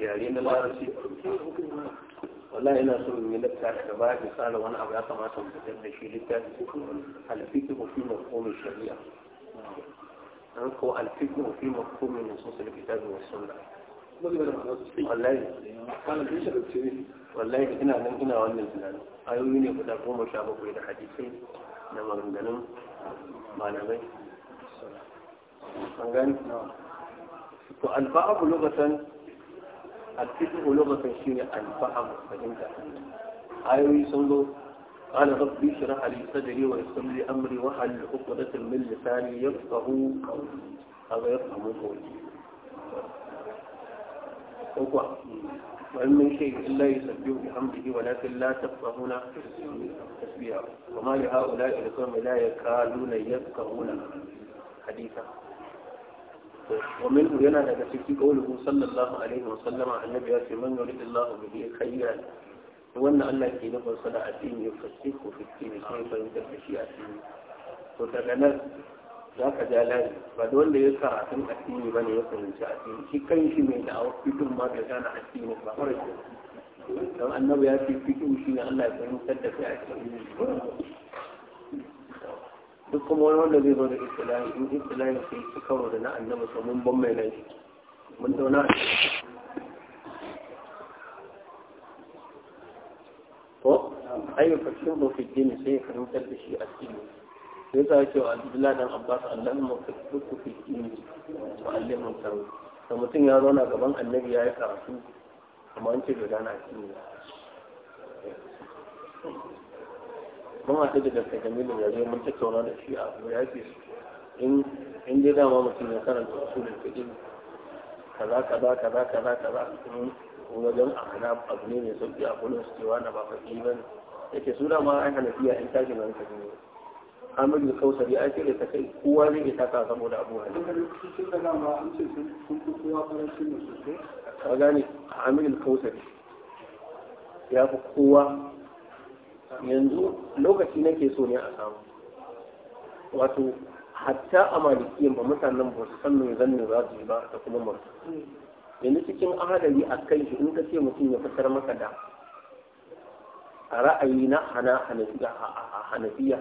yayin da larabci wallahi ina son mu littafi da baya misalin wani abu ya kamata mu fitar da shi littafi alfiki mu fi mafhumin shari'a an ko alfiki mu fi mafhumin nusus alkitabi was sunna wallahi wallahi ina nan ina wannan tunanin ayoyi ne guda goma sha bakwai da hadisai da maganganun malamai to alfahamu lokacin alfiƙihu lokacin shi ne alfahamu fahimta ayoyi قال ربي اشرح لي صدري ويسر لي امري واحلل عقدة من لساني يفقه قولي هذا يفهم قولي وقوع وإن من شيء إلا يسبح بحمده ولكن لا تفقهون تسبيحه وما لهؤلاء القوم لا يكادون يفقهون حديثا ومنه ينا نتفكي قوله صلى الله عليه وسلم عن النبي من يريد الله به خيرا وأن الله كي نبغى صلاة الدين يفسخ في الدين كيف ينتهي شيء الدين وتغنى ذاك جلال بعد ولا يكره عن الدين بني يكون شيء الدين شيء كان شيء من أو بدون ما كان الدين فخرج لو النبي في فيكم شيء الله يكون سد في الدين duk kuma wani wanda zai zo da istilahi in istilahi sai su kawo da na annabi to mun ban mai nan mun zauna ko ayyukan fakin mu fi sai ya karantar da shi a cikin sai ya sa cewa abdullahi dan abbas allah mu fi fi dini wa mun taro da mutum ya zauna gaban annabi ya yi karatu amma an ce da dana a cikin mun haɗu da Dr. Jamilu Yare mun tattauna da shi a abu ya su. in dai dama mutum ya karanta da fiqh kaza kaza kaza kaza kaza wajen ahana abu ne mai sauki a kullum su cewa na ba faƙi ba yake su dama ai hanafiya in tashi nan kaji ne amir da kausari ai sai da ta kai kowa zai ta ka saboda abu hali ka gane amir da kausari ya fi kowa yanzu lokaci nake so ne a samu wato hatta a malikiyan ba mutanen ba su san mai zannin za su yi ba da kuma mutu yanzu cikin ahadari a kan shi in ka ce mutum ya fitar maka da a ra'ayi na hana hanafiya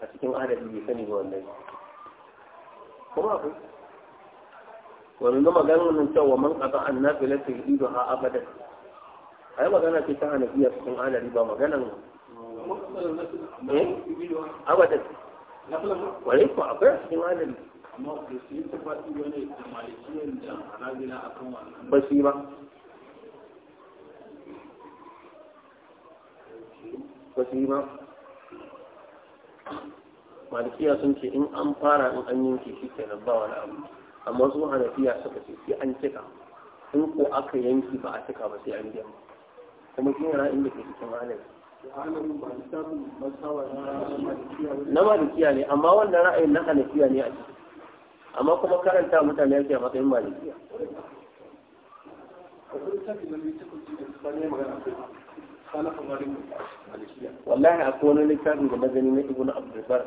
a cikin adali bai sani ga wannan kuma akwai wani na maganar nan cewa man kaza an nafi lafi ido ha abadan ai magana ce ta hanafiya cikin adali ba maganar eh abada ah, wale ko akwai a cikin ba su yi ba ba su yi ba malikiya sun ce in an fara in an yanke shi ke nan ba wani abu amma su hanafiya suka ce sai an cika in ko aka yanki ba a cika ba sai an biya kuma shi yana inda ke cikin malami na malikiya ne amma wannan ra'ayin na hanafiya ne a ciki amma kuma karanta mutane yake a matsayin malikiya wallahi akwai wani littafin da magani na ibn abdulbar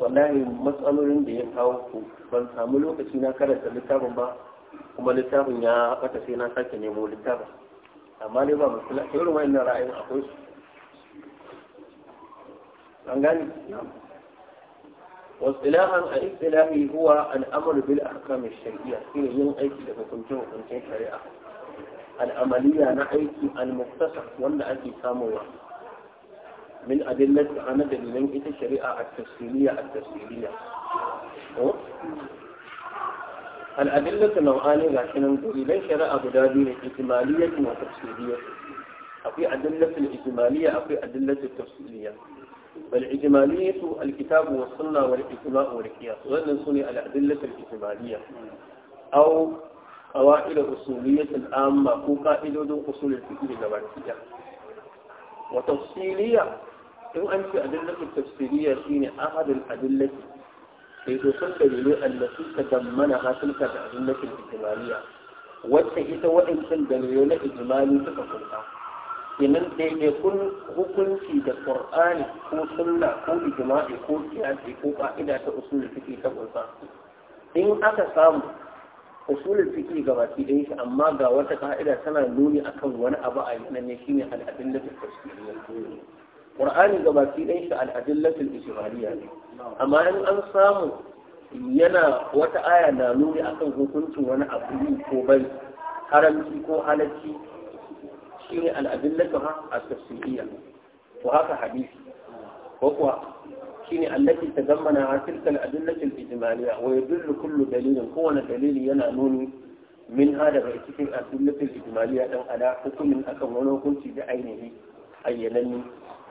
wallahi matsalolin da ya kawo ku ban samu lokaci na karanta littafin ba kuma littafin ya bata sai na sake nemo littafin amma ne ba musulunci irin wa'annan ra'ayin akwai su عن جانب نعم واصطلاحا الاصطلاحي هو الامر بالاحكام الشرعيه شنو yin aiki da hukuncin hukuncin shari'a al'amaliya na aiki al-muktasar wanda ake samowa min adillati ana dalilan ita shari'a at الأدلة نوعان لكن نقول شرع أبو بدادي إجمالية وتفصيلية أفي أدلة الإجمالية أفي أدلة التفصيلية فالإجمالية الكتاب والسنة والإجماع والقياس وأن سنة الأدلة الإجمالية أو قواعد أصولية العامة أو قائد أصول الفكر النباتية وتفصيلية إن أنت أدلة التفصيلية حين أحد الأدلة في تصل لي التي تضمنها تلك الأدلة الإجمالية وتأتي وإن كان دليل إجمالي تكفلها kenan kun hukunci da qur'ani ko sunna ko ijma'i ko kiyasi ko ƙa'ida ta usulul fiqh ta kunsa in aka samu usulul fiqh ga baki da shi amma ga wata ƙa'ida tana nuni akan wani abu a nan ne shine al-adillatul tafsiriyya qur'ani ga baki da shi al-adillatul ne amma in an samu yana wata aya na nuni akan hukuncin wani abu ko bai haramci ko halacci شيء الأدلة التفسيرية وهذا حديث وهو شيء التي تضمن تلك الأدلة الإجمالية ويدل كل دليل هو دليل ينعنون من هذا بأسف الأدلة الإجمالية أن أنا حكم من أكمل كنت بعينه أينني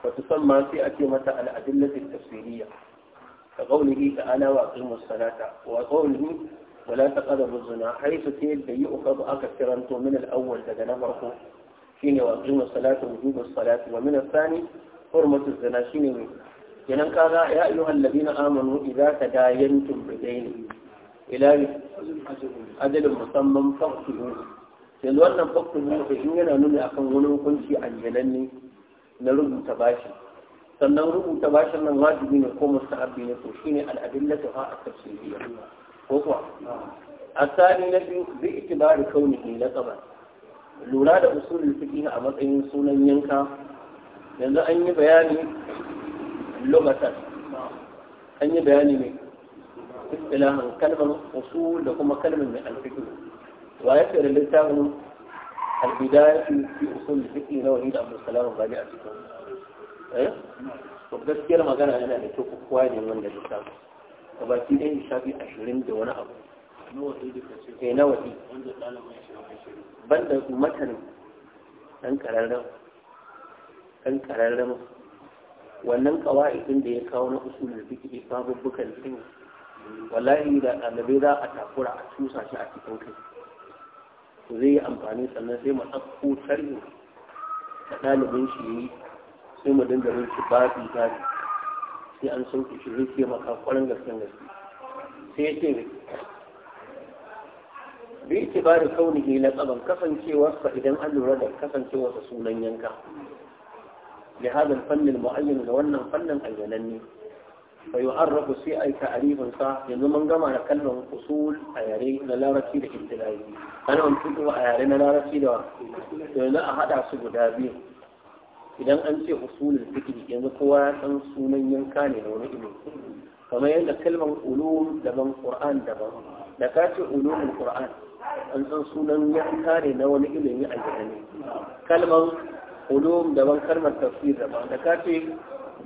وتسمى في أكيمة الأدلة التفسيرية كقوله تعالى وأقيم الصلاة وقوله ولا تقرب الزنا حيث تيل بيئك أكثر من الأول تدنبرك shine wa aqimu salata wujubu salati wa min ath-thani hurmatu zina shine kenan kaga ya ayyuhal ladina amanu idza tadayantum bidayn ila ajalin musamman faqtuhu yanzu wannan faqtuhu ko in yana nuna akan wani hukunci ne na rubuta bashi sannan rubuta bashin nan wajibi ne ko mustahabbi ne to shine al-adillatu fa at-tafsiriyya ko kuwa asali na biyu bi itibari na laqaban lura da usulul fiqh a matsayin sunan yanka yanzu an yi bayani lugatan an yi bayani ne ilahan kalmar usul da kuma kalmar mai alfiqh wa ya da littafin albidaya fi usul fiqh na wani da Abu salama ba ne a cikin eh to gaskiyar magana yana da kyau kowa ne wanda littafin gabaki ɗaya shafi ashirin da wani abu ke eh, na waɗi banda matanin ɗan ƙararren ɗan ƙararren wannan ƙawa'idin da ya kawo na usulul fiqh babbukan sun wallahi da ɗalibai za a takura a tusa shi a cikin kai to zai yi amfani sannan sai mu ɗauko sharhi da ɗalibin shi yi sai mu dinga bin shi babi babi sai an sauke shi zai maka kwarin gaske gaske sai ya ce bi itibari na tsaban kasancewarsa idan an lura da kasancewarsa sunan yanka da fannin al ga wannan fannin ayyananne fa yu'arrafu sai ay ta'rifin sa yanzu mun gama da kallon usul a yare na larabci da ibtilai ana mun fito a yare na larabci da yanzu a hada su guda biyu idan an ce usulul fikri yanzu kowa ya san sunan yanka ne da wani ilimi kamar yadda kalmar ulum daban qur'an daban da ka ce ulumin qur'an an san sunan yanka ne na wani ilimi a gidane kalmar ulum daban kalmar tafsir daban da ka ce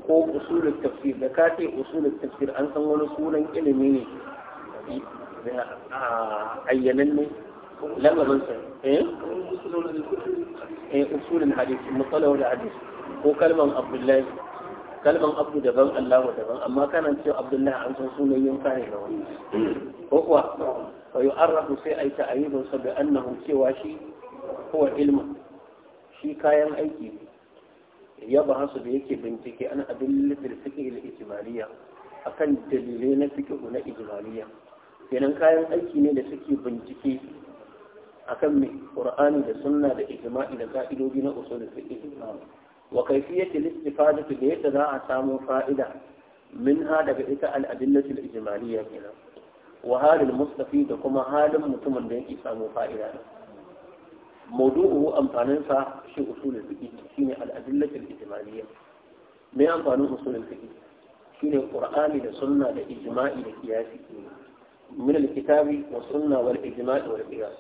ko usulul tafsir da ka ce usulul tafsir an san wani sunan ilimi ne ayyanan ne لما بنسى ايه ايه اصول الحديث مصطلح الحديث هو كلمه من عبد الله kalban abu daban allahu daban amma kana cewa abdullahi an san sunan yanka da wani ko kuwa fa yu'arrafu sai ai ta'ayyidun sa bi annahu cewa shi huwa ilmu shi kayan aiki ya ba hasu da yake bincike an abin lafiyar fiƙi al-ijmaliya akan dalilai na fiƙi na ijmaliya kenan kayan aiki ne da suke bincike akan mai qur'ani da sunna da ijma'i da ka'idodi na usul fiqh wa kayfiyati al-istifadati da yadda za a samu fa'ida minha daga ita al-adillatu al-ijmaliyya kenan wa halin mustafi da kuma halin mutumin da yake samu fa'ida موضوعه أمطانين شيء أصول الفقه da الأدلة الإجمالية ما أمطان أصول الفقه شيء القرآن لسنة لإجماع لقياس من الكتاب والسنة والإجماع والقياس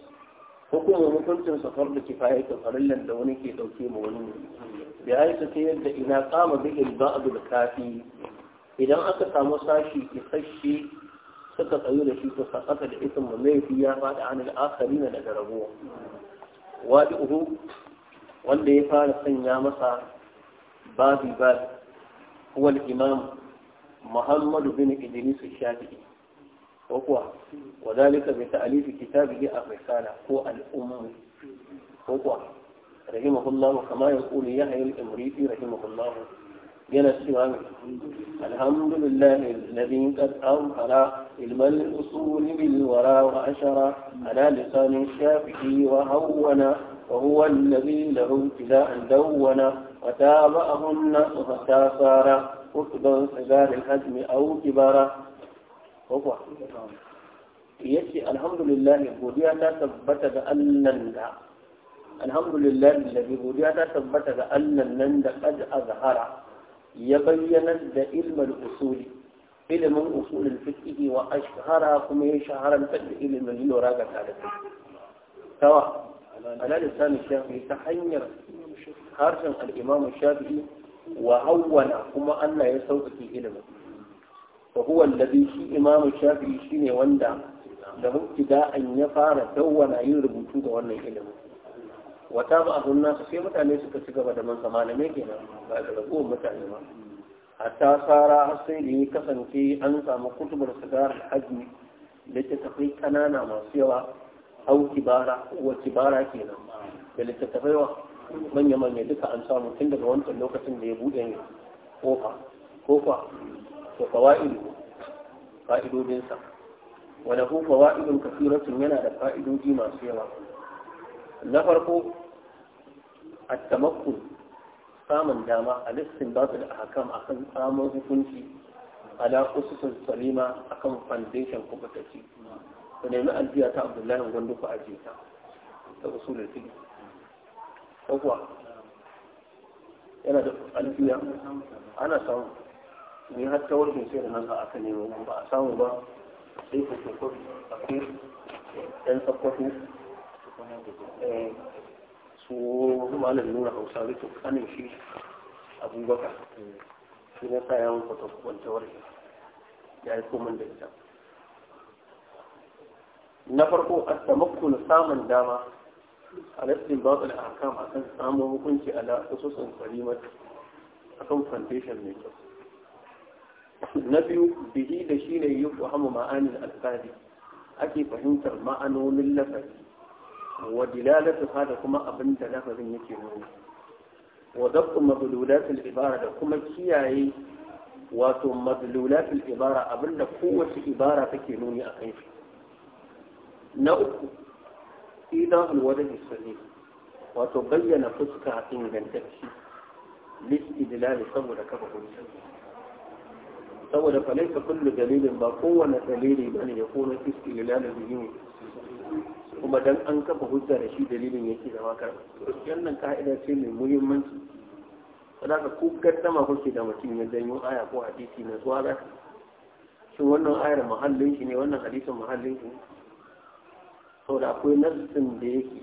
hukumar hukuncin sa farda kifaya ta farillan da wani ke dauke ma wani bi aisa ta yadda ina kama bi ba'd da kafi idan aka samu sashi isasshe suka tsayu da shi to sakata da isin mu laifi ya faɗi an al'akari na daga rabuwa wadi uhu wanda ya fara sanya masa babi babi huwa al-imam Muhammadu bin Idris Shafi'i وقوة وذلك بتأليف كتابه الرسالة هو الأم وقوة رحمه الله كما يقول يحيى الإمريكي رحمه الله جل السلام الحمد لله الذي قد أظهر علم الأصول بالورى وأشرى على لسان الشافعي وهون وهو الذي له ابتداء دون وتابعه الناس حتى صار ركبا صغار الهدم أو كبارا الحمد لله بوديا تثبت أن ندا الحمد لله الذي بوديا تثبت أن ندا قد أظهر يبين علم الأصول علم أصول الفقه وأشهر كم يشهر الفقه علم اللوراقة تعرف سواء على لسان الشافعي تحير خارج الإمام الشافعي وهون كما أن يسوق في علمه fa huwa alladhi shi imam shafi'i shine wanda da mubtida an ya fara dawwana yin rubutu da wannan ilimin wata ba abun nasu sai mutane suka ci gaba da mansa malamai kenan ba da rabuwar mutane ba hatta tsara sai da ya kasance an samu kutubar sigar hajji littattafai kanana masu yawa au kibara wa kenan da littattafai wa manya-manya duka an samu tun daga wancan lokacin da ya buɗe kofa kofa to fawaidu fa'idodinsa wanda hu fawaidun kasiratun yana da fa'idodi masu yawa na farko at-tamakkun samun dama a listin ba da ahkam akan samun hukunci ala ususul salima akan foundation kubutaci da nemi alfiya ta abdullahi gwandu ku aje ta ta usulul fiqh yana da alfiya ana samu ni har ta wurin sai da nasa aka nemo ba a samu ba sai ku ce a akwai ɗan tsakwafi eh, su malam nuna hausa rikin kanin shi abubakar shi na sa yawon kwatakwantawar ya yi komen da ita na farko a tamakon samun dama a lastin da a kan samun hukunci a ala kwalimar a kan foundation mai kyau na biyu bihi da shi ne yi fahimu ma'anin alfahari ake fahimtar ma'anonin lafari wa dilalatu ha da kuma abin da lafazin yake nuna wa dabbu madlulatul ibara da kuma kiyaye wato madlulatul ibara abin da kowace ibara take nuni a kai na uku idan alwadin sahih wato bayyana fuska ingantacci lil dilali saboda kafa hujja saboda falaisa kullu dalilin ba kowane dalili ne ya kone istilal bihi kuma dan an kafa hujja da shi dalilin yake zama kar wannan ka'ida ce mai muhimmanci ka ku gaddama kuke da mutum ya danyo aya ko hadisi na zuwa da shi wannan ayar muhallin shi ne wannan hadisin muhallin shi saboda akwai nassin da yake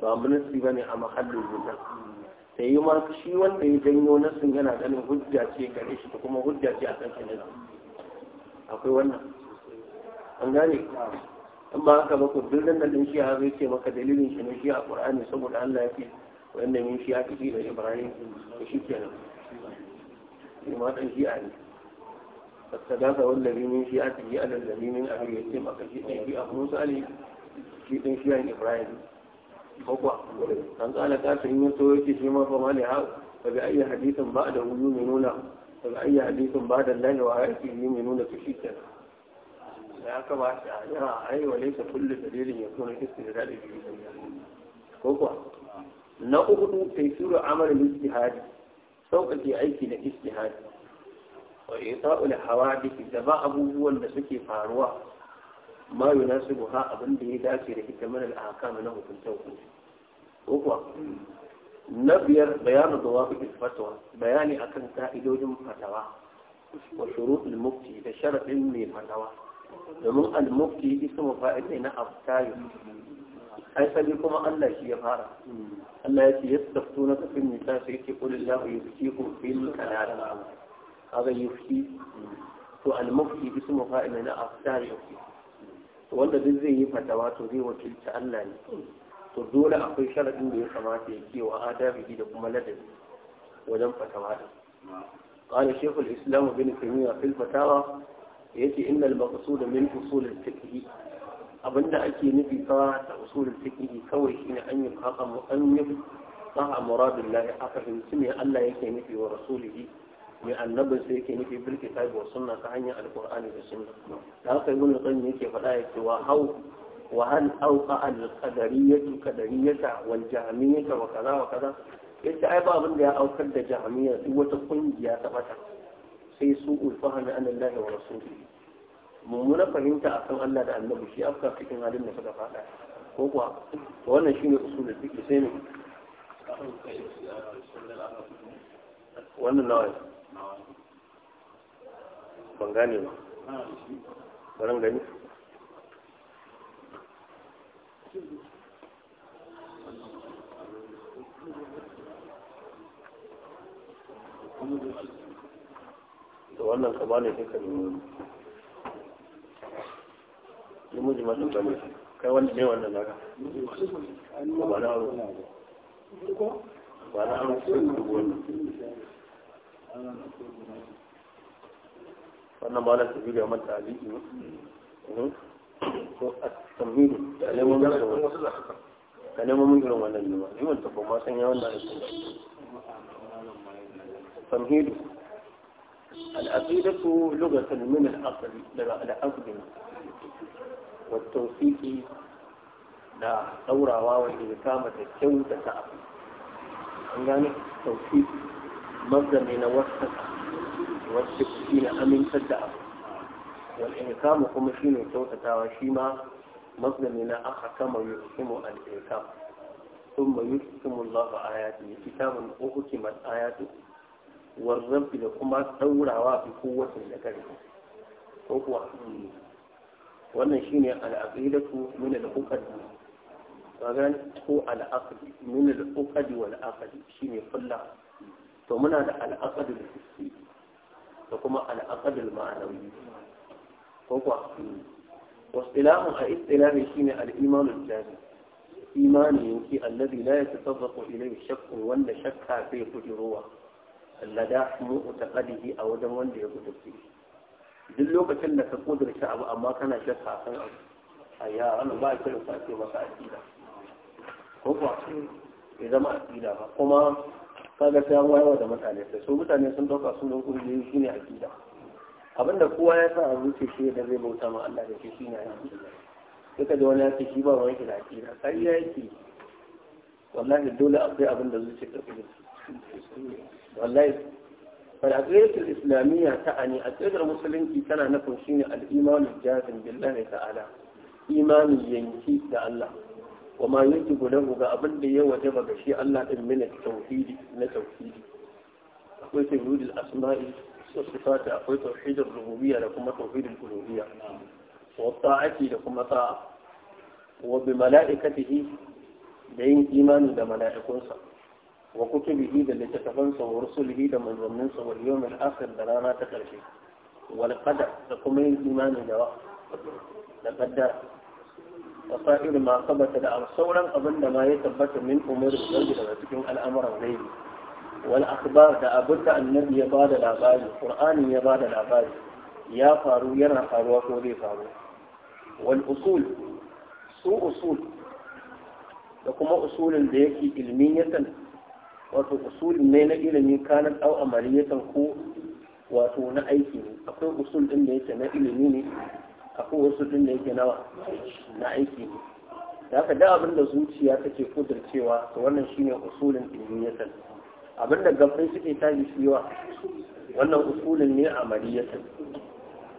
ba mu ba bane a muhallin hujja sai yi ma shi wanda ya janyo nasin yana ganin hujja ce gare shi da kuma hujja ce a kan shi akwai wannan an gane in ba haka baku, ku duk nan shi ya zai ce maka dalilin shi ne shi a qur'ani saboda Allah ya ce wanda yin shi ya kafi da Ibrahim da shi nan shi ma dan shi ne fasadaka wanda min shi ya tafi alal ladhi min abin yatim aka shi dan shi a Musa alaihi shi dan shi Ibrahim bakwa an kala kafin yin so yake shi ma fama ne hau ba bi ayi hadisin ba da huyu mai nuna ba bi ayi hadisin ba da lahi wa harfi mai nuna su ya kamata a yi wa laisa kullu dalilin ya kuna kisti da daɗi biyu ko kuwa na uku sai sura amalin istihadi sauƙaƙe aiki na istihadi wa ita'ul hawadith da ba abubuwan da suke faruwa ma yunasibu ha abin da ya dace da ita mana al-ahkam na hukunta hukunci ko kuwa na biyar bayanu dawabi fatwa bayani akan ka'idojin fatawa wa shurutul mufti da sharadin mai fatawa domin al-mufti ismu fa'il ne na aftayu asali kuma Allah shi ya fara Allah ya ce yastaftuna ka fil nisa sai yake qul Allahu yuftikum fil kalala kaga yufti to al-mufti ismu fa'il ne na aftayu wanda duk zai yi fatawa to zai wakilci Allah ne to dole akwai sharaɗin da ya kamata ya kewa adabihi da kuma ladabi wajen fatawa da qala shaykhul islam ibn taymiyyah fil fatawa yace innal maqsuda min usul al fiqh abinda ake nufi fa ta usul al kawai shine an yi faqa mu'annif fa muradullahi akhirin sunni Allah yake nufi wa rasulihi mai annabin sai yake nufi bil kitabi wa sunna ta hanyar alqur'ani da sunna da haka ibn qayyim yake faɗa ya ce wa hau wa hal auqa al qadariyatu qadariyata wal jahmiyata wa kaza wa kaza yace ai ba abin da ya aukar da jahmiya duk wata kungiya ta bata sai su ulfahana an Allah wa rasuli mummuna fahimta akan Allah da annabi shi afka cikin halin da suka faɗa ko kuwa wannan shine usulul fiqh sai ne wannan nawa ban gane ba baran gani da wannan kama ne suka nemi yi muji masu gani kai wanda ne wannan naka ba na aro ba na aro sun dubu wannan wannan ba na tafi da mata a ne ko a tamhidu da neman mun irin wannan da neman mun irin wannan ne ma ni wanda kuma san ya wannan aiki tamhidu العقيدة لغة من العقل العقل والتوثيق da ɗaurawa wanda ya da kyau da sa'a an gane sauki مصدر من وسط وسط فينا أمين فدأ والإنكام قم فينا توتا تاوشيما مصدر من أخا كما يرسم الإنكام ثم يرسم الله آياته كتاب أختمت آياته والرب لكما تورع في قوة لكذا فهو وانا شيني على عقيدته من الأقد فقال هو على عقد من الأقد والعقد شيني قل to muna da al'aqadul hissi da kuma al'aqadul ma'anawi ko kuwa واصطلاح الاصطلاح شيء الإيمان الجازم إيمان ينكي الذي لا يتطرق إليه شك ولا شك في قدروه اللدى معتقده أو دم wanda ya فيه duk lokacin da ka kudurta abu amma kana shakka kan abu ayya yaran ba ka da sake maka aƙida ko kuwa ya zama aƙida ba kuma kaga sai an wayar da mutane sai su mutane sun dauka sunan kungiyar shi ne aqida abinda kowa ya sa a zuciya shi da zai bauta ma Allah da shi shine aqida duka da wani ya ce shi ba wani shi da aqida sai ya yake wallahi dole akwai abin da zuciya ta kuma wallahi fal aqidatul islamiyya ta ani aqidar musulunci tana nufin shine al-imanul jazim billahi ta'ala imani yanki da Allah wa ma yajibu lahu ga abin da ya wajaba ga shi Allah din min tauhidi na tauhidi akwai tauhidul asma'i wa fata, akwai tauhidul rububiyya da kuma tauhidul uluhiyya wa ta'ati da kuma ta'a wa bi mala'ikatihi da yin imani da mala'ikunsa wa kutubihi da littattafansa wa rusulihi da manzanninsa wal yawmil akhir da rana ta karshe wal qadar da kuma yin imani da da qaddara وصائر ما ثبت لأم صورا أبن ما يثبت من أمور الزوج لبتكم الأمر غيره والأخبار دا أبد النبي يباد العباد القرآن يباد العباد يا فارو يرى فارو وكولي فارو والأصول سوء أصول لكما أصول ديكي علمية wato usul ne na ilimi kanan au amaliyatan ko wato na aiki ne akwai usul din da yake na ilimi ne akwai wasu din da yake nawa na aiki ne da haka da abin da zuciya take kudurcewa to wannan shine usulin ilmiyatan abin da gabbai suke tashi shi yawa wannan usulin ne a mariyatan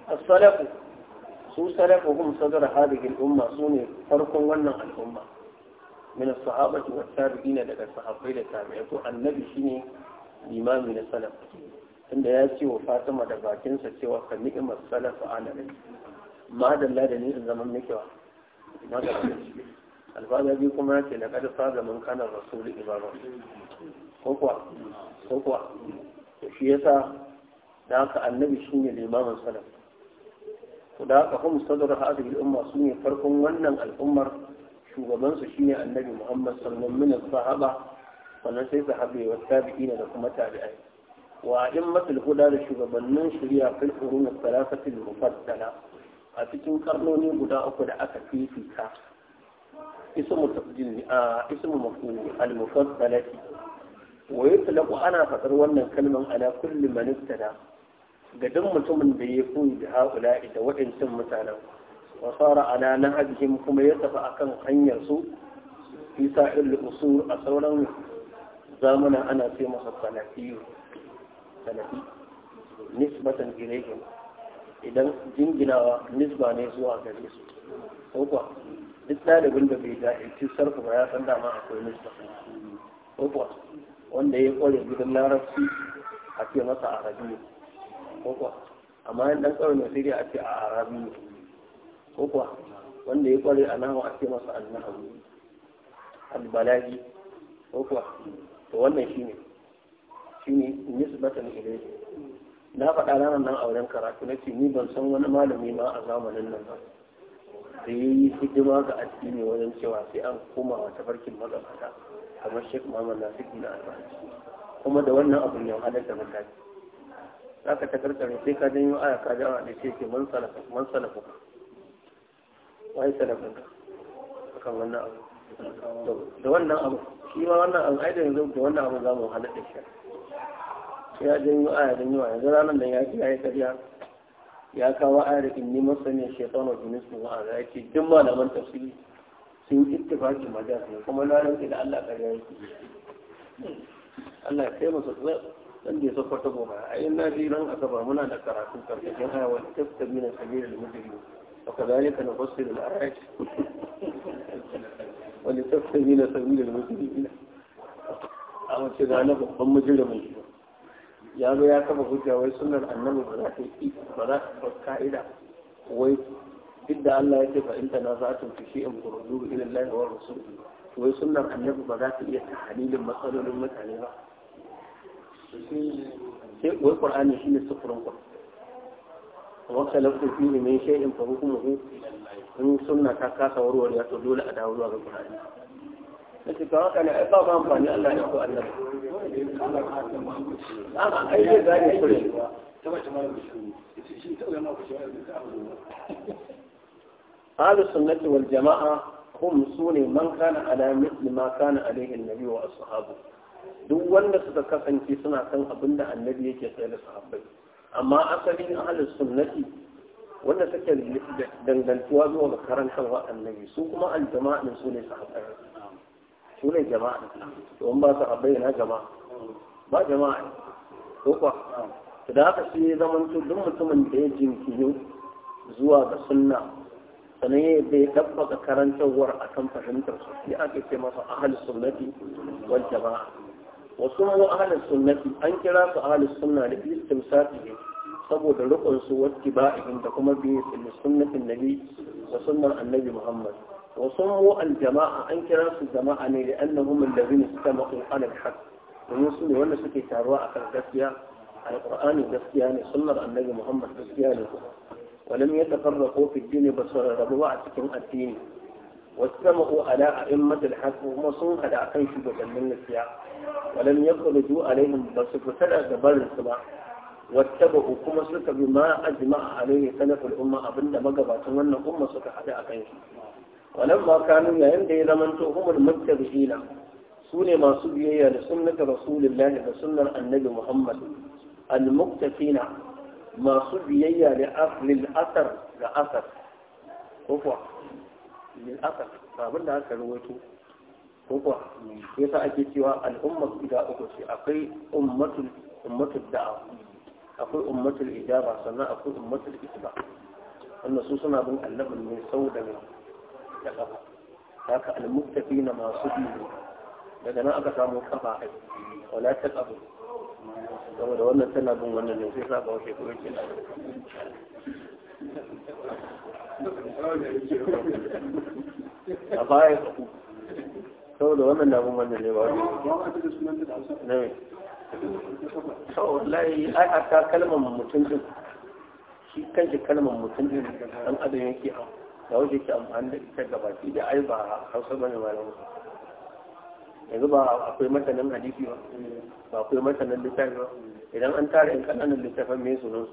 as-salafu su salafu hum sadar hadhihi al-umma sune farkon wannan al'umma min as-sahabati wat-tabi'in daga sahabbai da tabi'ai to annabi shine limami na salaf tunda ya ce wa fatima da bakinsa cewa ka ni'imar salafu rai madalla da ni in zaman nake wa alfaza biyu kuma ya ce na kada faga zaman kana rasulu ibaba ko kuwa ko kuwa shi yasa da ka annabi shine limamin salaf to da haka kuma sadar hadhihi al-umma sune farkon wannan al'ummar shugaban su shine annabi Muhammad sallallahu alaihi sahaba sannan sai wa tabi'ina da kuma tabi'ai wa in huda da shugabannin shari'a fil qurun al-thalathati al-mufaddala a cikin karnoni guda uku da aka fifita ismu tafjil a ismu mafhum al Waye wa yutlaqu ana fadar wannan kalman ala kulli man ibtada gadan mutumin da ya kun da haula'i da waɗancan mutanen wa sara ala nahajihim kuma ya tafi akan hanyar su fi sa'il a sauran zamanin ana ce masa salafiyu salafi nisbatan ilayhim idan jinginawa nisba ne zuwa gare su ko kuwa duk ɗalibin da bai da ilci sarku ba ya san dama akwai nisba ko kuwa wanda ya kware gidan larabci a ce masa arabi ne ko kuwa amma yan ɗan kawai nasiri a ce a arabi ne ko kuwa wanda ya kware a nahu a ce masa annahu albalagi ko kuwa to wannan shine shine nisbatan ilayhi na faɗa ranar nan a wurin karatu na ce ni ban san wani malami ma a zamanin nan ba da ya yi hidima ga addini wajen cewa sai an koma wata farkin magabata kamar shek mamman suke na albahaci kuma da wannan abun yau da mataki. za ka takarkar sai ka janyo aya ka jawa da ce ke man salafa man salafa wai salafin ka akan wannan abu da wannan abu shi ma wannan abu ai yanzu da wannan abu za mu halatta shi ya janyo aya yi wa yanzu ranar da ya kira ya yi ya kawo ayar inni masani shaitan wa jinis mu wa ya ce duk malaman tafsiri sun yi ittifaki majas ne kuma na rantsi da Allah gaya yake Allah ya kai tsaye dan da ya sauka ta goma a yin naji ran asaba muna da karatu karkashin aya wani tattabi na sabirin mujrim wa kadhalika nufassilu al-ayat wa litastabi na sabirin mujrim a wace da na babban mujrimin ya zo ya kafa hujja wai sunan annabi ba za ta yi ba za ta ka'ida wai duk da Allah ya ce fa inta na za ta fi in furudu ila Allah wa rasul to wai sunan annabi ba za ta iya ta halilin matsalolin mutane ba sai wai qur'ani shine sufurin ku wa khalaqtu fihi min shay'in fa hukmuhu in sunna ta kasa warware to dole a dawo zuwa ga qur'ani nake ga haka ne ba ma amfani Allah ya ko annabi a'a ai zai zai kure duk wanda suka kasance suna kan abin da annabi yake tsaye da sahabbai amma asalin ahalin sunnati wanda suke dangantuwa zuwa makarantarwa wa annabi su kuma aljama'in su ne sahabbai su ne jama'a to in ba su abai na jama'a ba jama'a ne ko kuwa da haka shi zaman su duk mutumin da ya jinkiyo zuwa ga sunna sannan ya bai tabbata karantarwar akan fahimtar su shi ake ce masa ahal sunnati wal jama'a wasu mu ahal sunnati an kira su ahal sunna da sati ne saboda rukun su wattiba'ihin da kuma bi sunnatin nabi da sunnar annabi muhammad وصموا الجماعة أن كراسوا الجماعة يعني لأنهم الذين استمعوا على الحق ونصلي ولا سكي تاروا أكل قسيا على القرآن قسيا يعني سنة النبي محمد قسيا يعني. ولم يتفرقوا في الدين بصر ربوا عتكم الدين واستمعوا على أئمة الحق ومصون على أكل شبه من السياء ولم يخرجوا عليهم بصر فتلا جبال السماء واتبعوا كما سلك بما أجمع عليه سلف الأمة أبن مقبات من أمة سكحة أكل wannan ma kanu nuna, yadda ya zamanto humul muttabi'ina su ne masu biyayya da sunnata rasulullahi da sunnar annabi muhammad al-muktafina masu biyayya da aslil asar da asar ko lil asar abin da aka rawaito ko kuwa yasa ake cewa al'ummar guda uku ce akwai ummatul ummatul da'a akwai ummatul ijaba sannan akwai ummatul isba wannan su suna bin annabin mai sau da mai da kafa haka almuttafi na masu biyu daga nan aka samu kafa ai wala ta kafa saboda wannan tana bin wannan ne sai saba wace kuma ke da a baya ka ku saboda wannan na bin wannan ne ba wani ne sau wallahi ai a ta kalmar mutum din shi kanshi kalmar mutum din an adam yake amfani ga wanda ke amfani da ita gabaki da ai ba hausa bane malamu yanzu ba akwai masanin hadisi ba ba akwai masanin littafi ba idan an tara in kananan littafin me sunan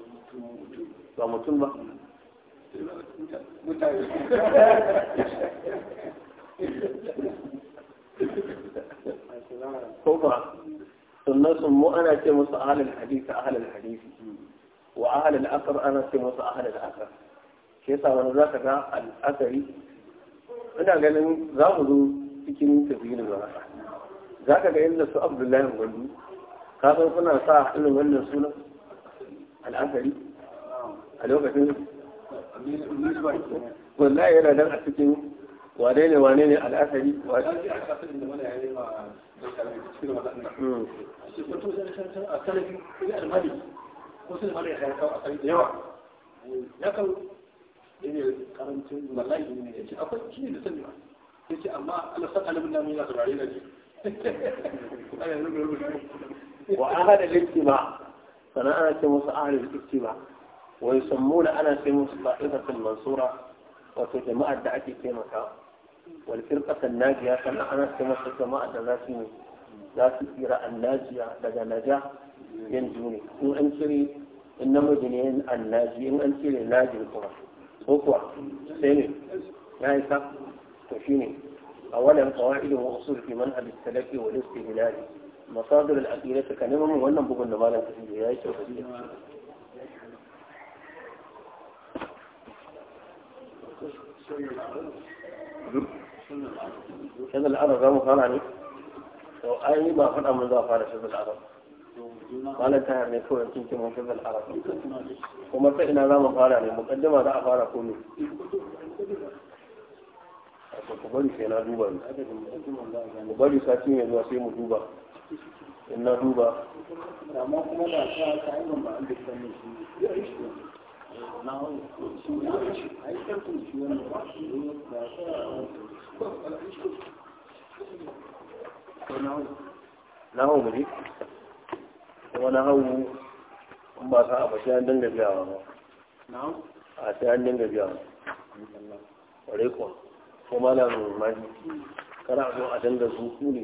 ba mutum ba ko ba sannan sun mu ana ce musu ahalin hadisi ahalin hadisi wa ahalin asar ana ce musu ahalin asar shi yasa wani za ka ga al'asari ina ganin za mu zo cikin tafiyin ba za ka ga inda su abdullahi gwandu ka san kuna sa irin wannan sunan al'asari a lokacin ya yana dan a cikin wane ne wane ne al'asari ya ne karancin wallahi ne ya ce akwai shi ne da sani ba ya ce amma Allah san alamin namu yana saurare na ce wa ahad al-ittima sana ana ce musu ahad al-ittima wa yusammuna ana ce musu ta'ifatul mansura wato jama'ar da ake taimaka wal firqatan najiya sana ana ce musu jama'ar da za su ne za su tsira annajiya daga naja yanzu ne in an cire in namiji ne annaji in an cire najin kuma ko ثاني sai ne أولا قواعد وأصول في منهج السلف والاستهلال مصادر الأسئلة كلمة وأنا بقول ما في تفيد هي شذ العرب غير مخالعني وأي ما فرق من ذا فعل شذ العرب malam ta yarda kawai kin kin mun fil arafa kuma ta ina zamu fara ne mukaddima za a fara ko ne ku bari sai na duba ne ku bari sati mai zuwa sai mu duba in na duba amma kuma da ta ta yi ba an da sanin shi ne. wani hau in ba sa abu sai an dinga biya ba a sai an dinga biya ba ware kuwa kuma na zuwa mani kana zo a dinga zuku ne